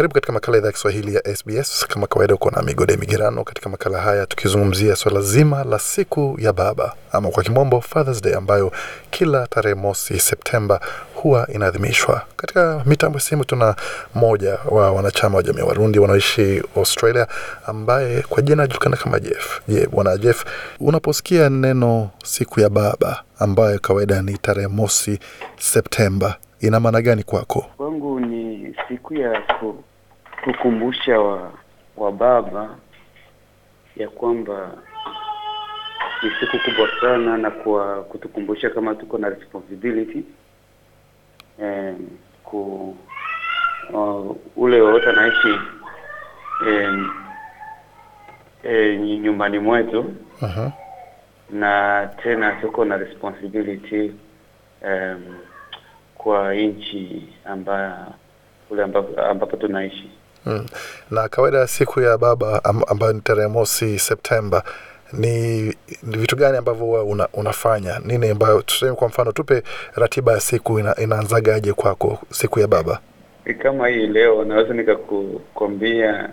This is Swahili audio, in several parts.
Karibu katika makala idhaa ya Kiswahili ya SBS. Kama kawaida, uko na migode migerano katika makala haya, tukizungumzia swala zima la siku ya baba ama kwa kimombo Father's Day, ambayo kila tarehe mosi Septemba huwa inaadhimishwa. Katika mitambo ya simu tuna mmoja wa wanachama wa jamii ya Warundi wanaoishi Australia ambaye kwa jina anajulikana kama Jeff. Je, bwana Jeff, unaposikia neno siku ya baba ambayo kawaida ni tarehe mosi Septemba ina maana gani kwako? Kwangu ni siku ya kukumbusha wa, wa baba ya kwamba ni siku kubwa sana na kwa kutukumbusha kama tuko na responsibility eh, ku uh, ule wote anaishi eh, eh, nyumbani mwetu uh -huh. na tena tuko na responsibility um, kwa nchi ambayo kule ambapo tunaishi. Mm. Na kawaida ya siku ya baba ambayo ni tarehe mosi Septemba ni, ni vitu gani ambavyo huwa una, unafanya nini ambayo tuseme kwa mfano tupe ratiba ya siku ina, inaanzagaje kwako siku ya baba kama hii leo naweza nikakukwambia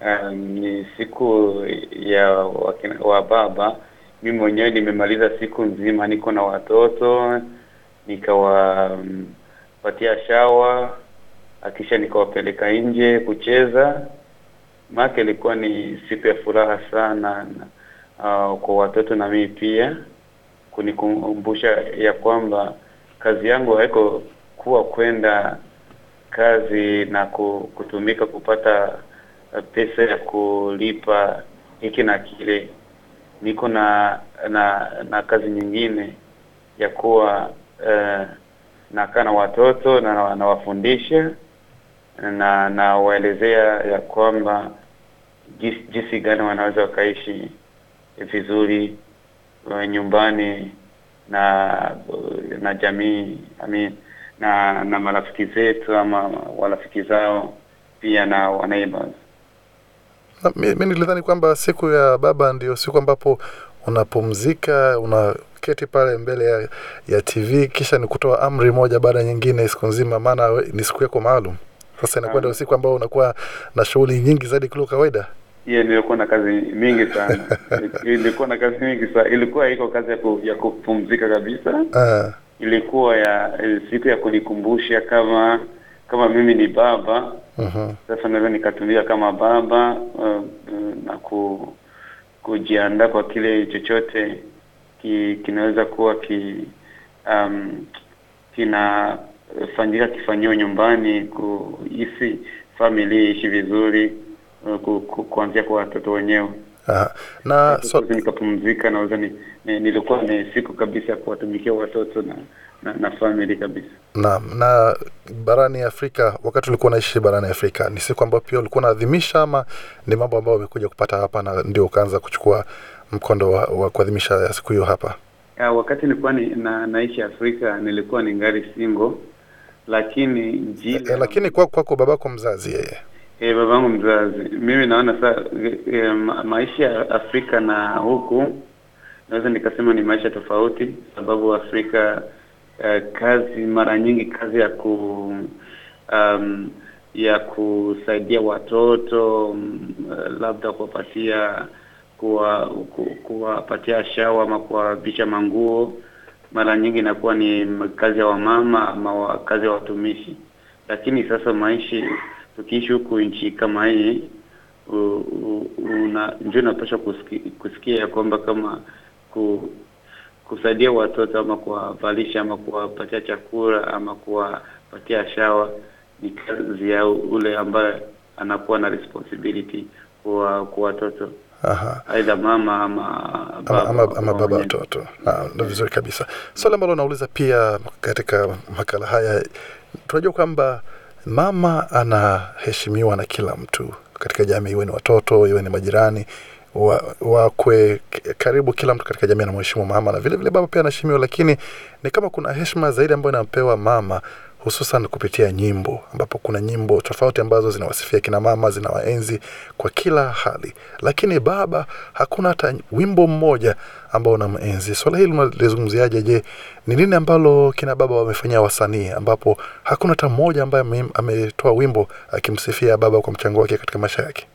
um, ni siku ya wakina, wa baba mi mwenyewe nimemaliza siku nzima niko na watoto nikawapatia um, shawa akisha nikawapeleka nje kucheza. Maana ilikuwa ni siku ya furaha sana uh, kwa watoto na mimi pia, kunikumbusha ya kwamba kazi yangu haiko kuwa kwenda kazi na kutumika kupata pesa ya kulipa hiki na kile. Niko na na na kazi nyingine ya kuwa eh, nakaa na watoto na nawafundisha na nawaelezea na ya kwamba jinsi gani wanaweza wakaishi vizuri nyumbani na na jamii mean, na na marafiki zetu ama warafiki zao pia na wanaiba mi Mimi nilidhani kwamba siku ya baba ndiyo siku ambapo unapumzika una kuketi pale mbele ya, ya TV kisha ni kutoa amri moja baada nyingine siku nzima, maana ni siku yako maalum. Sasa inakwenda ah. usiku ambao unakuwa na shughuli nyingi zaidi kuliko kawaida. Hiyo nilikuwa na kazi mingi sana ilikuwa na kazi mingi sana, ilikuwa iko kazi ya, ku, ya kupumzika kabisa. uh. Ilikuwa ya eh, siku ya kunikumbusha kama kama mimi ni baba uh-huh. Sasa naweza nikatumia kama baba uh, na ku, kujiandaa kwa kile chochote ki, kinaweza kuwa ki, um, kinafanyika kifanyio nyumbani kuhisi familia ishi vizuri uh, kuanzia kwa watoto wenyewe. Ah, nikapumzika, naweza ni, ni, nilikuwa ni siku kabisa ya kuwatumikia watoto na na, na family kabisa. Naam. Na barani Afrika, wakati ulikuwa unaishi barani Afrika, ni siku ambayo pia ulikuwa unaadhimisha ama ni mambo ambayo umekuja kupata hapa na ndio ukaanza kuchukua mkondo wa, wa kuadhimisha siku hiyo hapa? Ya, wakati nilikuwa ni, na, naishi Afrika nilikuwa ni ngari single, lakini eh, jina lakini kwako kwa, kwa babako mzazi yeye E, eh, yangu mzazi, mimi naona sa e, ma, maisha ya Afrika na huku naweza nikasema ni maisha tofauti, sababu Afrika e, kazi mara nyingi kazi ya ku um, ya kusaidia watoto mm, labda kuwapatia kuwa kuwapatia shawa ama kuwavisha manguo mara nyingi inakuwa ni kazi ya wamama ama kazi ya watumishi, lakini sasa maishi ukiishi huku nchi kama hii una, ndio unapasha kusikia, kusikia ya kwamba kama ku, kusaidia watoto ama kuwavalisha ama kuwapatia chakula ama kuwapatia shawa ni kazi ya ule ambaye anakuwa na responsibility kwa kwa watoto aidha mama ama baba, ama, ama, ama baba watoto. Na vizuri kabisa swali so, ambalo nauliza pia katika makala haya tunajua kwamba mama anaheshimiwa na kila mtu katika jamii, iwe ni watoto, iwe ni majirani wakwe wa karibu kila mtu katika jamii anamheshimu mama, na vile vile baba pia anaheshimiwa, lakini ni kama kuna heshima zaidi ambayo inampewa mama hususan kupitia nyimbo, ambapo kuna nyimbo tofauti ambazo zinawasifia kina mama, zinawaenzi kwa kila hali, lakini baba hakuna hata wimbo mmoja ambao unamenzi. Swala hili unalizungumziaje? Je, ni nini ambalo kina baba wamefanyia wasanii, ambapo hakuna hata mmoja ambaye ametoa wimbo akimsifia baba kwa mchango wake katika maisha yake?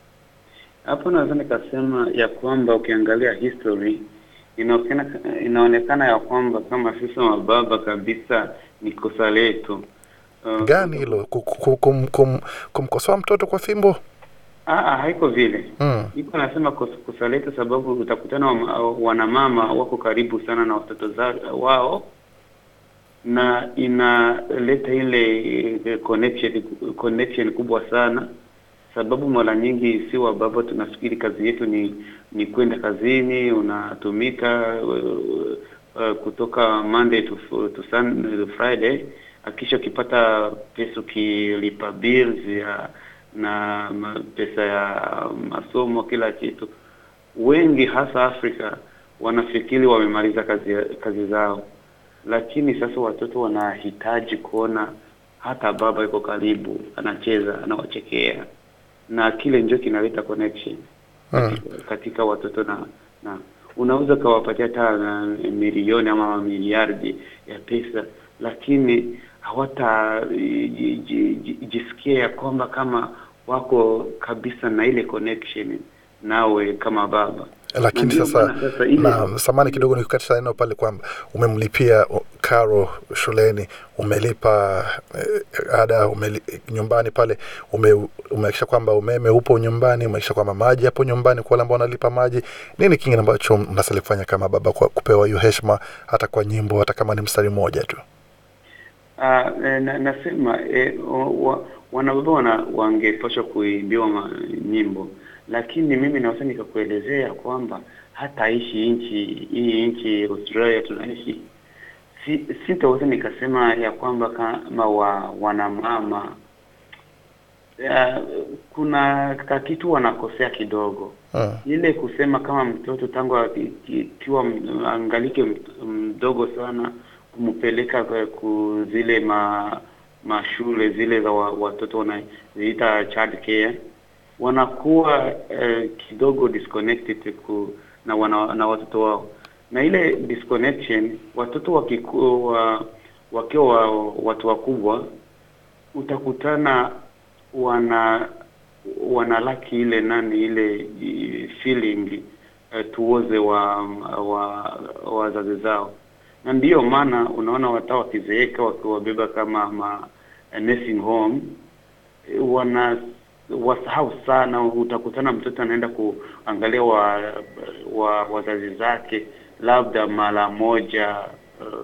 Hapo naweza nikasema ya kwamba ukiangalia history inaonekana, inaonekana ya kwamba kama sisi mababa kabisa ni kosa letu. Uh, gani hilo kumkosoa mtoto kwa fimbo? Aa, ah, ah, haiko vile mm. iko nasema kosa letu, sababu utakutana wanamama wako karibu sana na watoto wao na inaleta ile eh, connection, connection kubwa sana sababu mara nyingi si wababa tunafikiri kazi yetu ni ni kwenda kazini, unatumika uh, uh, kutoka Monday to, to Sunday, Friday akisha ukipata pesa ukilipa bills ya na pesa ya masomo kila kitu. Wengi hasa Afrika wanafikiri wamemaliza kazi kazi zao, lakini sasa watoto wanahitaji kuona hata baba yuko karibu, anacheza, anawachekea na kile njo kinaleta connection ah. katika, katika watoto na na unaweza ukawapatia hata eh, milioni ama miliardi ya pesa, lakini hawatajisikia eh, ya kwamba kama wako kabisa na ile connection nawe kama baba. Lakini sasa, sasa na samani kidogo nikukatisha neno pale kwamba umemlipia karo shuleni, umelipa eh, ada umeli, nyumbani pale ume, umeakisha kwamba umeme upo nyumbani, umeakisha kwamba maji hapo nyumbani kwa wale ambao wanalipa maji. Nini kingine ambacho mnastahili kufanya kama baba kwa kupewa hiyo heshima, hata kwa nyimbo, hata kama ni mstari mmoja tu? Uh, e, na, nasema e, wa, wanababa wana, wangepaswa kuimbiwa nyimbo, lakini mimi naweza nikakuelezea kwamba hata ishi nchi hii nchi Australia tunaishi si, sitaweza nikasema ya kwamba kama wa, wanamama Uh, kuna kakitu wanakosea kidogo uh. Ile kusema kama mtoto tangu akiwa angalike mdogo sana kumpeleka zile ma mashule zile za wa, watoto wanaziita child care, wanakuwa uh, kidogo disconnected ku, na, wana, na watoto wao na ile disconnection watoto wakikuwa wakiwa watu wakubwa, utakutana wana wanalaki ile nani ile feeling eh, tuoze wa wa wazazi zao, na ndiyo maana unaona wata wakizeeka wakiwabeba kama ma eh, nursing home, eh, wana wasahau sana. Utakutana mtoto anaenda kuangalia wa, wa wazazi zake labda mara moja uh,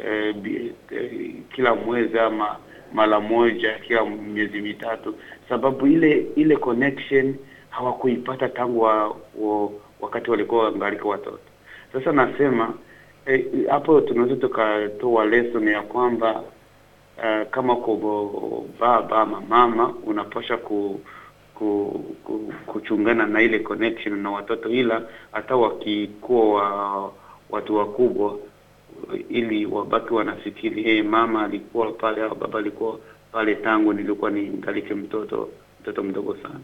uh, kila mwezi ama mara moja kila miezi mitatu, sababu ile ile connection hawakuipata tangu wa, wa, wakati walikuwa wangalika watoto. Sasa nasema hapo eh, tunaweza tukatoa lesson ya kwamba uh, kama kwa baba ama mama unapasha ku ku, ku, kuchungana na ile connection na watoto, ila hata wakikuwa wa, watu wakubwa, ili wabaki wanafikiri hey, mama alikuwa pale au baba alikuwa pale tangu nilikuwa ningalike mtoto mtoto mdogo sana.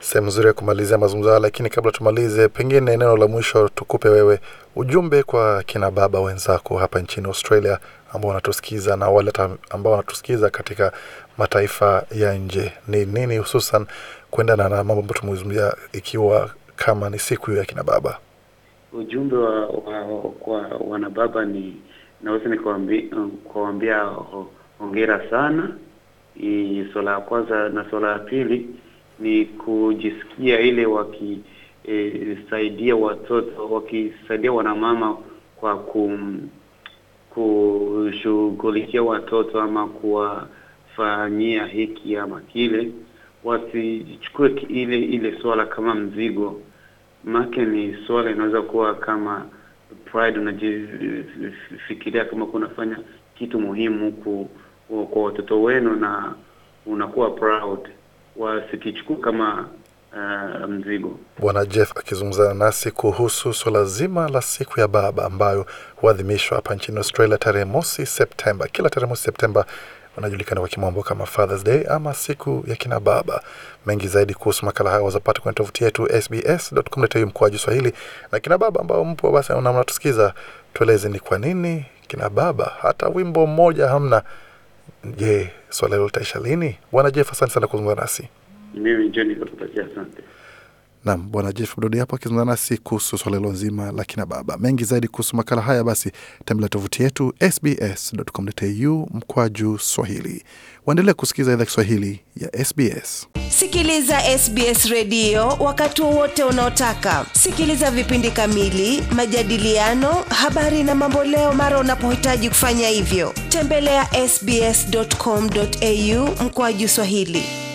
Sehemu nzuri ya kumalizia mazungumzo haya, lakini kabla tumalize, pengine neno la mwisho tukupe wewe ujumbe kwa kina baba wenzako hapa nchini Australia ambao wanatusikiza na wale ambao wanatusikiza katika mataifa ya nje? Ni nini hususan kuendana na mambo ambayo tumezungumzia, ikiwa kama ni siku hiyo ya kina baba? Ujumbe wa, wa, wa, kwa wanababa ni naweza nikuwaambia hongera sana hii swala ya kwanza, na swala ya pili ni kujisikia ile wakisaidia e, watoto wakisaidia wanamama kwa kum, kushughulikia watoto ama kuwa kufanyia hiki ama kile, wasichukue ile ile swala kama mzigo, make ni swala inaweza kuwa kama pride, unajifikiria kama kunafanya kitu muhimu ku, kwa watoto wenu na unakuwa proud, wasikichukua kama Uh, mzigo. Bwana Jeff akizungumzana nasi kuhusu swala zima la siku ya baba ambayo huadhimishwa hapa nchini Australia tarehe mosi Septemba, kila tarehe mosi Septemba wanajulikana kwa kimombo kama Father's Day ama siku ya kina baba. Mengi zaidi kuhusu makala haya wazapata kwenye tovuti yetu sbs.com.au mkoaji Swahili. Na kina baba ambao mpo basi na mnatusikiza, tueleze ni kwa nini kina baba hata wimbo mmoja hamna? Je, swala hilo litaisha lini? Bwana Jeff, asante sana kuzungumza nasi. Mimi Jeni kutoka asante. Nam Bwana Jeff Dodi hapo akizungumza nasi kuhusu swala hilo nzima la kina baba. Mengi zaidi kuhusu makala haya, basi tembelea tovuti yetu sbs.com.au mkwa juu Swahili. Waendelea kusikiliza idhaa Kiswahili ya SBS. Sikiliza SBS redio wakati wowote unaotaka. Sikiliza vipindi kamili, majadiliano, habari na mamboleo mara unapohitaji kufanya hivyo. Tembelea sbs.com.au mkwa juu Swahili.